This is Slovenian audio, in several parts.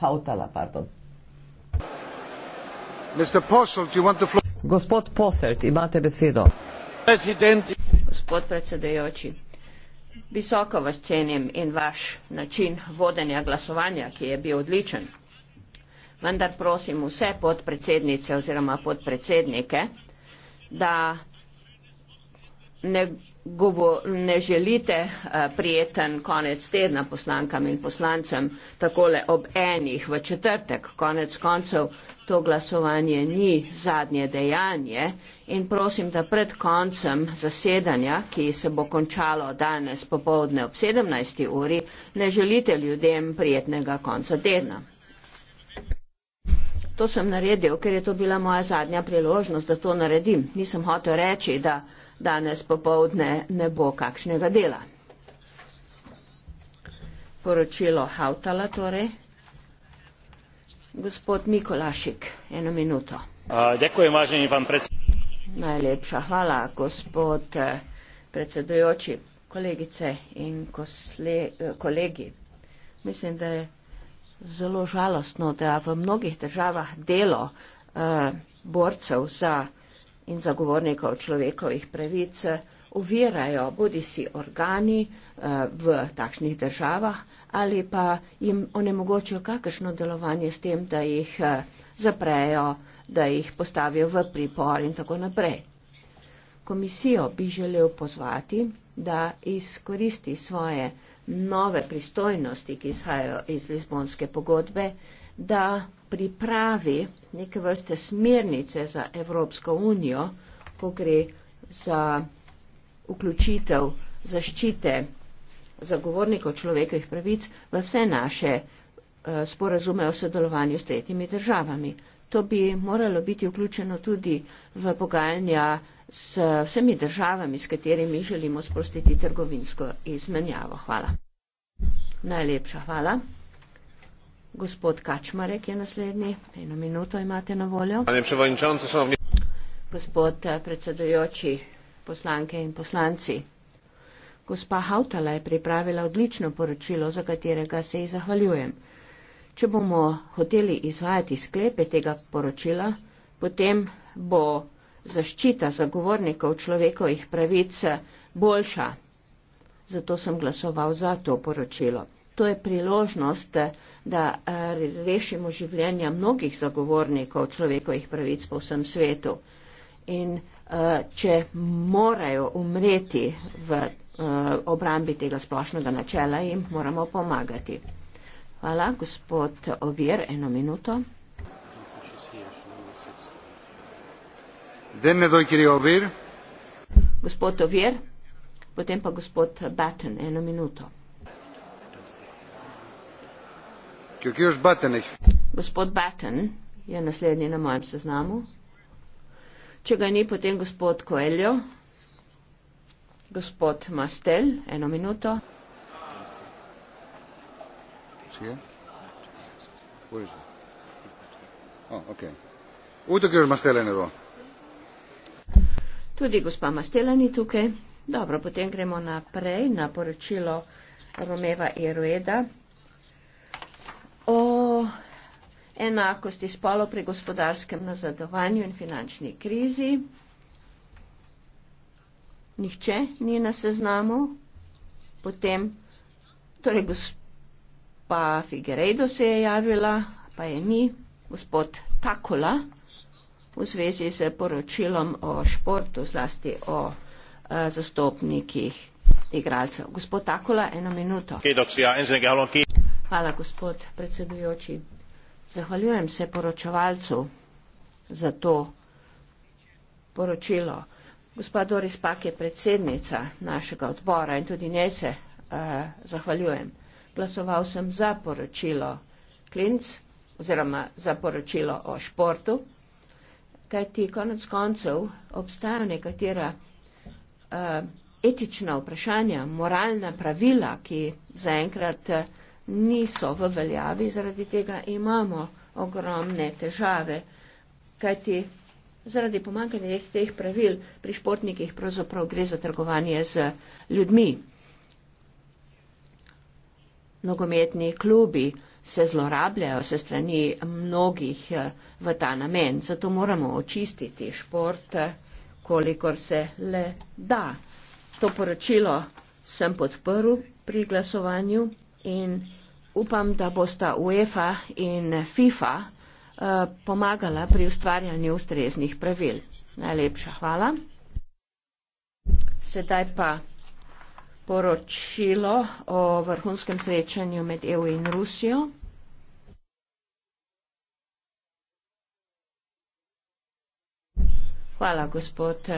Hautala, pardon. Gospod Poselt, imate besedo. Gospod predsedujoči, visoko vas cenim in vaš način vodenja glasovanja, ki je bil odličen. Vendar prosim vse podpredsednice oziroma podpredsednike, da ne, govo, ne želite eh, prijeten konec tedna poslankam in poslancem takole ob enih v četrtek, konec koncev to glasovanje ni zadnje dejanje in prosim, da pred koncem zasedanja, ki se bo končalo danes popovdne ob 17. uri, ne želite ljudem prijetnega konca tedna. To sem naredil, ker je to bila moja zadnja priložnost, da to naredim. Nisem hotel reči, da danes popovdne ne bo kakšnega dela. Poročilo Hautala torej. Gospod Mikolašik, eno minuto. Ďakujem, vážený pán predsedujúci. Najlepša hvala, gospod eh, predsedujoči, kolegice in kosle, eh, kolegi. Mislim, da je zelo žalostno, da v mnogih državah delo uh, borcev za in zagovornikov človekovih pravic eh, ovirajo bodi si organi eh, v takšnih državah ali pa jim onemogočijo kakršno delovanje s tem, da jih eh, zaprejo, da jih postavijo v pripor in tako naprej. Komisijo bi želel pozvati, da izkoristi svoje nove pristojnosti, ki izhajajo iz Lizbonske pogodbe, da pripravi neke vrste smernice za Evropsko unijo, ko gre za vključitev zaščite zagovornikov človekovih pravic v vse naše eh, sporazume o sodelovanju s tretjimi državami. To bi moralo biti vključeno tudi v pogajanja s vsemi državami, s katerimi želimo sprostiti trgovinsko izmenjavo. Hvala. Najlepša hvala. Gospod Kačmarek je naslednji. Eno minuto imate na voljo. Gospod eh, predsedujoči, poslanke in poslanci. Gospa Hautala je pripravila odlično poročilo, za katerega se ji zahvaljujem. Če bomo hoteli izvajati sklepe tega poročila, potem bo zaščita zagovornikov človekovih pravic boljša. Zato sem glasoval za to poročilo. To je priložnost, da eh, rešimo življenja mnogih zagovornikov človekovih pravic po vsem svetu. In eh, če morajo umreti v eh, obrambi tega splošnega načela, jim moramo pomagati. Hvala, gospod Ovir, eno minuto. gospod Ovir, potem pa gospod Batten, eno minuto. Gospod Batten je naslednji na mojem seznamu. Če ga ni, potem gospod Koeljo, gospod Mastel, eno minuto. Oh, okay. Udo Gjørmastel er nede. Tudi gospa Mastela ni tukaj. Dobro, potem gremo naprej na poročilo Romeva Irueda o enakosti spolo pri gospodarskem nazadovanju in finančni krizi. Nihče ni na seznamu. Potem, torej gospa Figueredo se je javila, pa je ni, gospod Takola v zvezi z poročilom o športu, zlasti o uh, zastopnikih igralcev. Gospod Takula, eno minuto. Hvala, gospod predsedujoči. Zahvaljujem se poročevalcu za to poročilo. Gospa Doris Pak je predsednica našega odbora in tudi njej se uh, zahvaljujem. Glasoval sem za poročilo Klinc oziroma za poročilo o športu kajti konec koncev obstajajo nekatera uh, etična vprašanja, moralna pravila, ki zaenkrat eh, niso v veljavi, zaradi tega imamo ogromne težave, kajti zaradi pomankanja teh pravil pri športnikih pravzaprav gre za trgovanje z ljudmi. Nogometni klubi, uh, se zlorabljajo se strani mnogih eh, v ta namen. Zato moramo očistiti šport, eh, kolikor se le da. To poročilo sem podprl pri glasovanju in upam, da bosta UEFA in FIFA eh, pomagala pri ustvarjanju ustreznih pravil. Najlepša hvala. Sedaj pa poročilo o vrhunskem srečanju med EU in Rusijo. Hvala, gospod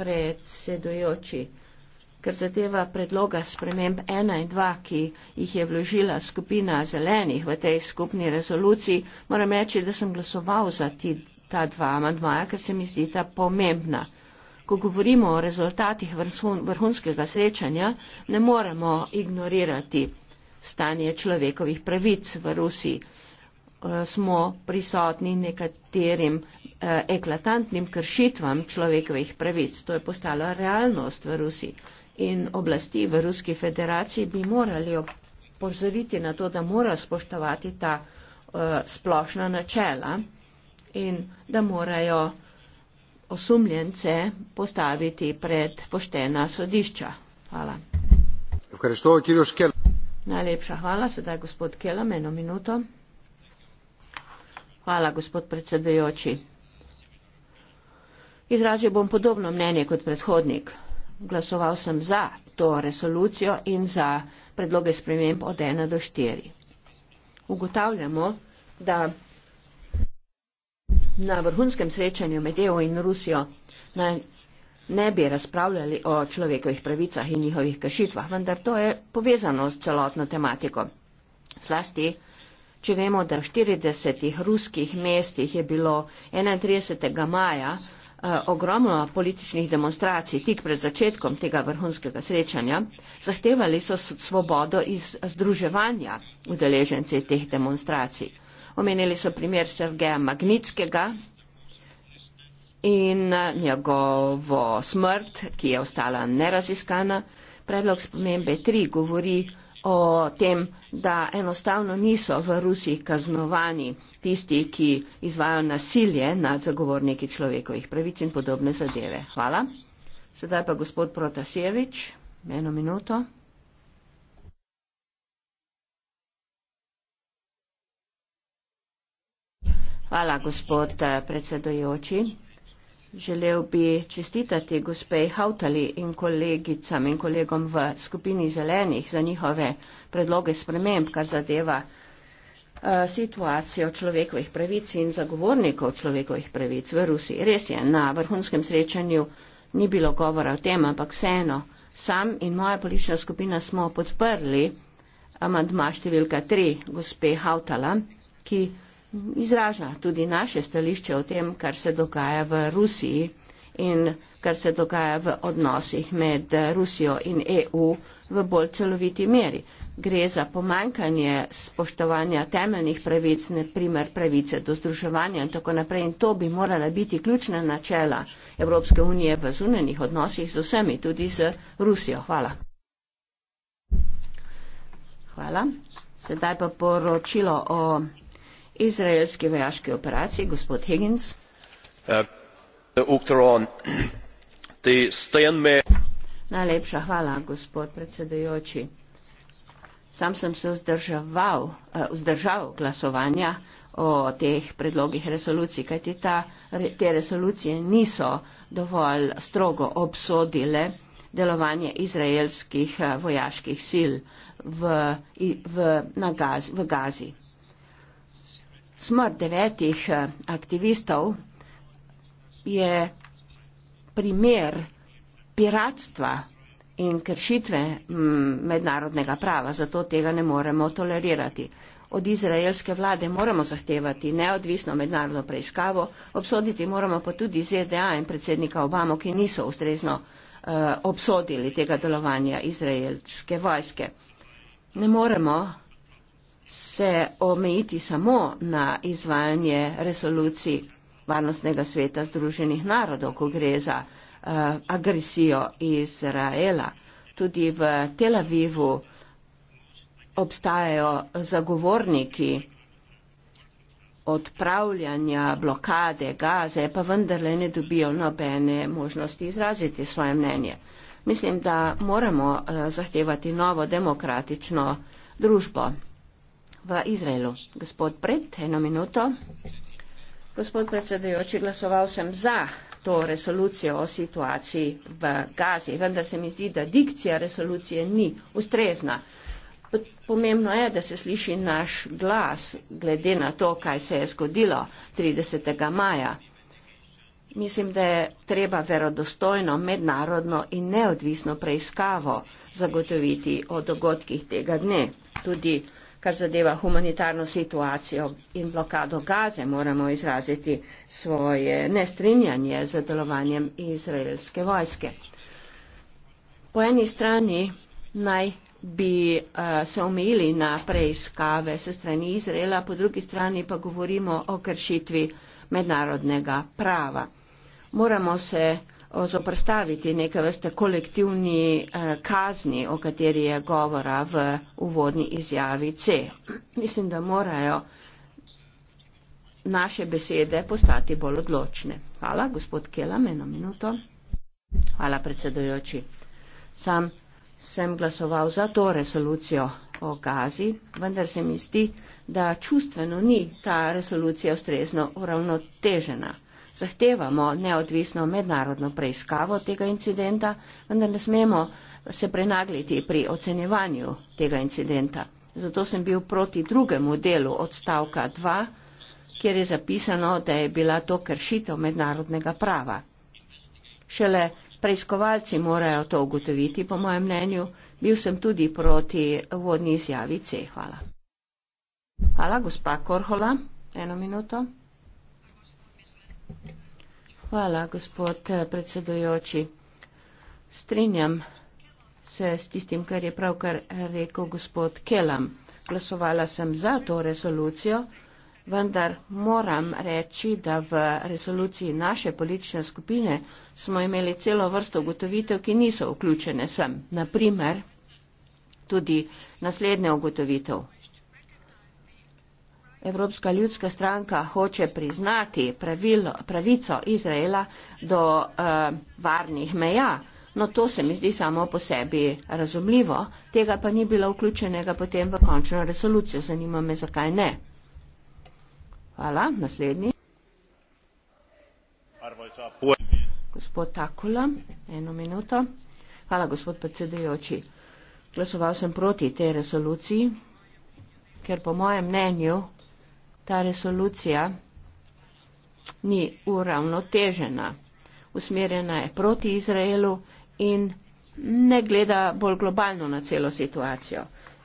predsedujoči. Ker zadeva predloga sprememb 1 in 2, ki jih je vložila skupina zelenih v tej skupni rezoluciji, moram reči, da sem glasoval za ti, ta dva amandmaja, ker se mi zdi ta pomembna ko govorimo o rezultatih vrhunskega srečanja, ne moremo ignorirati stanje človekovih pravic v Rusiji. Eh, smo prisotni nekaterim eh, eklatantnim kršitvam človekovih pravic. To je postala realnost v Rusiji. In oblasti v Ruski federaciji bi morali opozoriti na to, da mora spoštovati ta eh, splošna načela in da morajo osumljence postaviti pred poštena sodišča. Hvala. Najlepša hvala, sedaj gospod Kelam, eno minuto. Hvala, gospod predsedujoči. Izražil bom podobno mnenje kot predhodnik. Glasoval sem za to resolucijo in za predloge sprememb od 1 do 4. Ugotavljamo, da na vrhunskem srečanju med EU in Rusijo naj ne bi razpravljali o človekovih pravicah in njihovih kršitvah, vendar to je povezano s celotno tematiko. Slasti, če vemo, da v 40 ruskih mestih je bilo 31. maja eh, ogromno političnih demonstracij tik pred začetkom tega vrhunskega srečanja, zahtevali so svobodo iz združevanja udeleženci teh demonstracij. Omenili so primer Sergeja Magnitskega in eh, njegovo smrt, ki je ostala neraziskana. Predlog spomembe 3 govori o tem, da enostavno niso v Rusiji kaznovani tisti, ki izvajo nasilje nad zagovorniki človekovih pravic in podobne zadeve. Hvala. Sedaj pa gospod Protasevič, eno minuto. Hvala, gospod eh, predsedujoči. Želel bi čestitati gospej Hautali in kolegicam in kolegom v skupini zelenih za njihove predloge sprememb, kar zadeva eh, situacijo človekovih pravic in zagovornikov človekovih pravic v Rusiji. Res je, na vrhunskem srečanju ni bilo govora o tem, ampak vseeno sam in moja politična skupina smo podprli amandma številka 3 gospe Hautala, ki izraža tudi naše stališče o tem, kar se dogaja v Rusiji in kar se dogaja v odnosih med Rusijo in EU v bolj celoviti meri. Gre za pomankanje spoštovanja temeljnih pravic, ne primer pravice do združevanja in tako naprej. In to bi morala biti ključna načela Evropske unije v zunanjih odnosih z vsemi, tudi z Rusijo. Hvala. Hvala. Sedaj pa poročilo o izraelski vojaški operaciji. Gospod Higgins. Eh, Najlepša hvala, gospod predsedujoči. Sam sem se vzdržal, eh, vzdržal glasovanja o teh predlogih resolucij, kajti ta, te resolucije niso dovolj strogo obsodile delovanje izraelskih eh, vojaških sil v, v, na Gazi. V Gazi. Smrt devetih eh, aktivistov je primer piratstva in kršitve mm, mednarodnega prava, zato tega ne moremo tolerirati. Od izraelske vlade moramo zahtevati neodvisno mednarodno preiskavo, obsoditi moramo pa tudi ZDA in predsednika Obamo, ki niso ustrezno uh, obsodili tega delovanja izraelske vojske. Ne moremo se omejiti samo na izvajanje resolucij Varnostnega sveta Združenih narodov, ko gre za uh, agresijo Izraela. Tudi v Tel Avivu obstajajo zagovorniki odpravljanja blokade gaze, pa vendarle ne dobijo nobene možnosti izraziti svoje mnenje. Mislim, da moramo eh, zahtevati novo demokratično družbo v Izraelu. Gospod Pred, eno minuto. Gospod predsedujoči, glasoval sem za to resolucijo o situaciji v Gazi, vendar se mi zdi, da dikcija resolucije ni ustrezna. Pomembno je, da se sliši naš glas glede na to, kaj se je zgodilo 30. maja. Mislim, da je treba verodostojno mednarodno in neodvisno preiskavo zagotoviti o dogodkih tega dne. Tudi kar zadeva humanitarno situacijo in blokado gaze, moramo izraziti svoje nestrinjanje z delovanjem izraelske vojske. Po eni strani naj bi uh, se omejili na preiskave se strani Izraela, po drugi strani pa govorimo o kršitvi mednarodnega prava. Moramo se zoprstaviti neke vrste kolektivni eh, kazni, o kateri je govora v uvodni izjavi C. Mislim, da morajo naše besede postati bolj odločne. Hvala, gospod Kelam, eno minuto. Hvala, predsedujoči. Sam sem glasoval za to resolucijo o gazi, vendar se mi zdi, da čustveno ni ta resolucija ustrezno uravnotežena. Zahtevamo neodvisno mednarodno preiskavo tega incidenta, vendar ne smemo se prenagliti pri ocenjevanju tega incidenta. Zato sem bil proti drugemu delu odstavka 2, kjer je zapisano, da je bila to kršitev mednarodnega prava. Šele preiskovalci morajo to ugotoviti, po mojem mnenju, bil sem tudi proti vodni izjavi C. Hvala. Hvala, gospa Korhola. Eno minuto. Hvala, gospod eh, predsedojoči. Strinjam se s tistim, kar je pravkar rekel gospod Kelam. Glasovala sem za to resolucijo, vendar moram reči, da v resoluciji naše politične skupine smo imeli celo vrsto ugotovitev, ki niso vključene sem. Naprimer, tudi naslednja ugotovitev. Evropska ljudska stranka hoče priznati pravil, pravico Izraela do uh, varnih meja. No, to se mi zdi samo po sebi razumljivo, tega pa ni bilo vključenega potem v končno resolucijo. Zanima me, zakaj ne. Hvala. Naslednji. Gospod Takula, eno minuto. Hvala, gospod predsedujoči. Glasoval sem proti tej resoluciji, ker po mojem mnenju ta resolucija ni uravnotežena. Usmerjena je proti Izraelu in ne gleda bolj globalno na celo situacijo.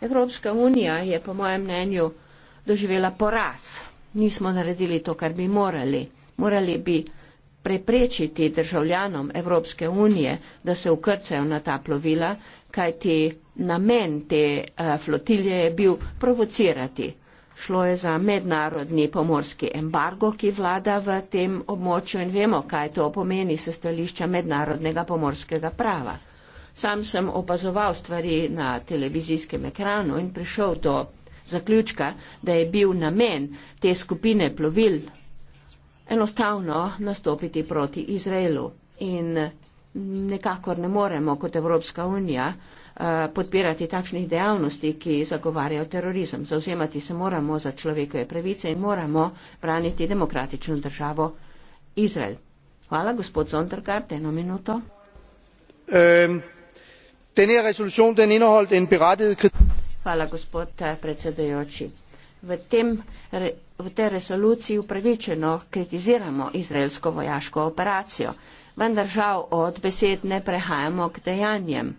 Evropska unija je po mojem mnenju doživela poraz. Nismo naredili to, kar bi morali. Morali bi preprečiti državljanom Evropske unije, da se ukrcajo na ta plovila, kajti namen te eh, flotilje je bil provocirati Šlo je za mednarodni pomorski embargo, ki vlada v tem območju in vemo, kaj to pomeni se stališča mednarodnega pomorskega prava. Sam sem opazoval stvari na televizijskem ekranu in prišel do zaključka, da je bil namen te skupine plovil enostavno nastopiti proti Izraelu. In nekako ne moremo kot Evropska unija Eh, podpirati takšnih dejavnosti, ki zagovarjajo terorizem. Zauzemati se moramo za človekove pravice in moramo braniti demokratično državo Izrael. Hvala, gospod Zondergard, eno minuto. Um. Ehm, den her resolution, den indeholdt en berettiget Hvala, gospod eh, predsedujoči. V, tem, re, v tej resoluciji upravičeno kritiziramo izraelsko vojaško operacijo, vendar žal od besed ne prehajamo k dejanjem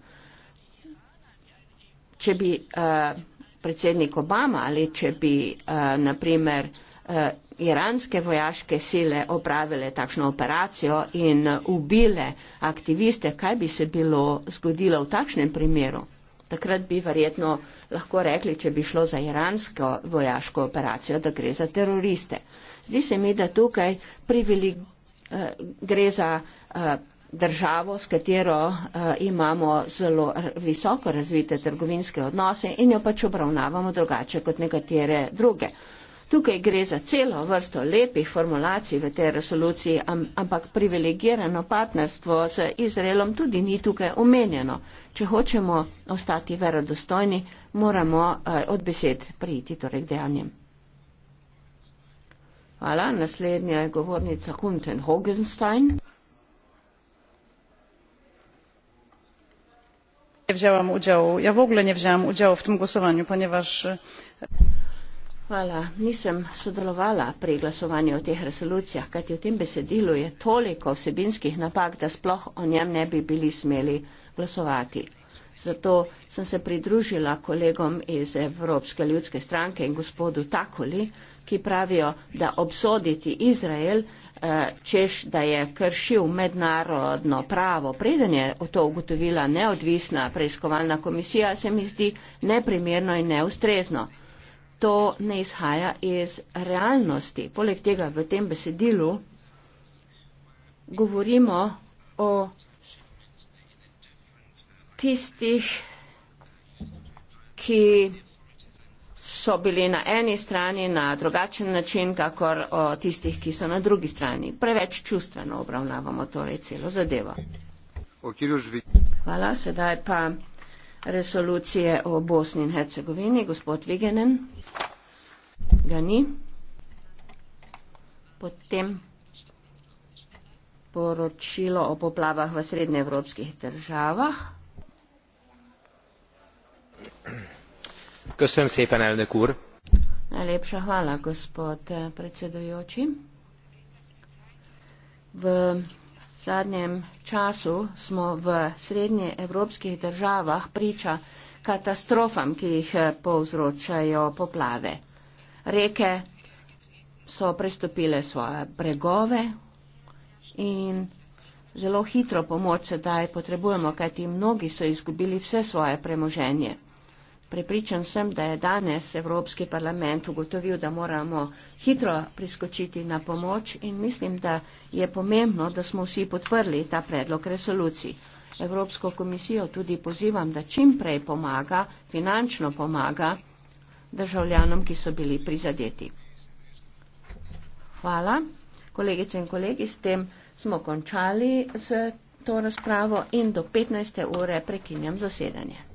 če bi uh, predsednik Obama ali če bi uh, eh, naprimer uh, eh, iranske vojaške sile opravile takšno operacijo in ubile aktiviste, kaj bi se bilo zgodilo v takšnem primeru? Takrat bi verjetno lahko rekli, če bi šlo za iransko vojaško operacijo, da gre za teroriste. Zdi se mi, da tukaj privili, uh, gre za. Uh, državo, s katero eh, imamo zelo visoko razvite trgovinske odnose in jo pač obravnavamo drugače kot nekatere druge. Tukaj gre za celo vrsto lepih formulacij v tej resoluciji, ampak privilegirano partnerstvo z Izraelom tudi ni tukaj omenjeno. Če hočemo ostati verodostojni, moramo eh, od besed prijeti torej k dejanjem. Hvala. Naslednja je govornica Kunten Hogenstein. nie wzięłam udziału ja w ogóle nie wzięłam udziału w tym głosowaniu ponieważ e, Hvala. Nisem sodelovala pri glasovanju o teh resolucijah, kajti v tem besedilu je toliko vsebinskih napak, da sploh o njem ne bi bili smeli glasovati. Zato sem se pridružila kolegom iz Evropske ljudske stranke in gospodu Takoli, ki pravijo, da obsoditi Izrael Eh, češ, da je kršil mednarodno pravo. Preden je o to ugotovila neodvisna preiskovalna komisija, se mi zdi neprimerno in neustrezno. To ne izhaja iz realnosti. Poleg tega v tem besedilu govorimo o tistih, ki so bili na eni strani na drugačen način, kakor o tistih, ki so na drugi strani. Preveč čustveno obravnavamo torej celo zadevo. Hvala, sedaj pa resolucije o Bosni in Hercegovini. Gospod Vigenen, ga ni. Potem poročilo o poplavah v srednjeevropskih državah. Köszönöm szépen, elnök úr! Najlepša hvala, gospod eh, predsedujoči. V zadnjem času smo v srednjeevropskih državah priča katastrofam, ki jih eh, povzročajo poplave. Reke so prestopile svoje bregove in zelo hitro pomoč sedaj potrebujemo, kajti mnogi so izgubili vse svoje premoženje. Prepričan sem, da je danes Evropski parlament ugotovil, da moramo hitro priskočiti na pomoč in mislim, da je pomembno, da smo vsi podprli ta predlog resolucij. Evropsko komisijo tudi pozivam, da čim prej pomaga, finančno pomaga državljanom, ki so bili prizadeti. Hvala. Kolegice in kolegi, s tem smo končali z to razpravo in do 15. ure prekinjam zasedanje.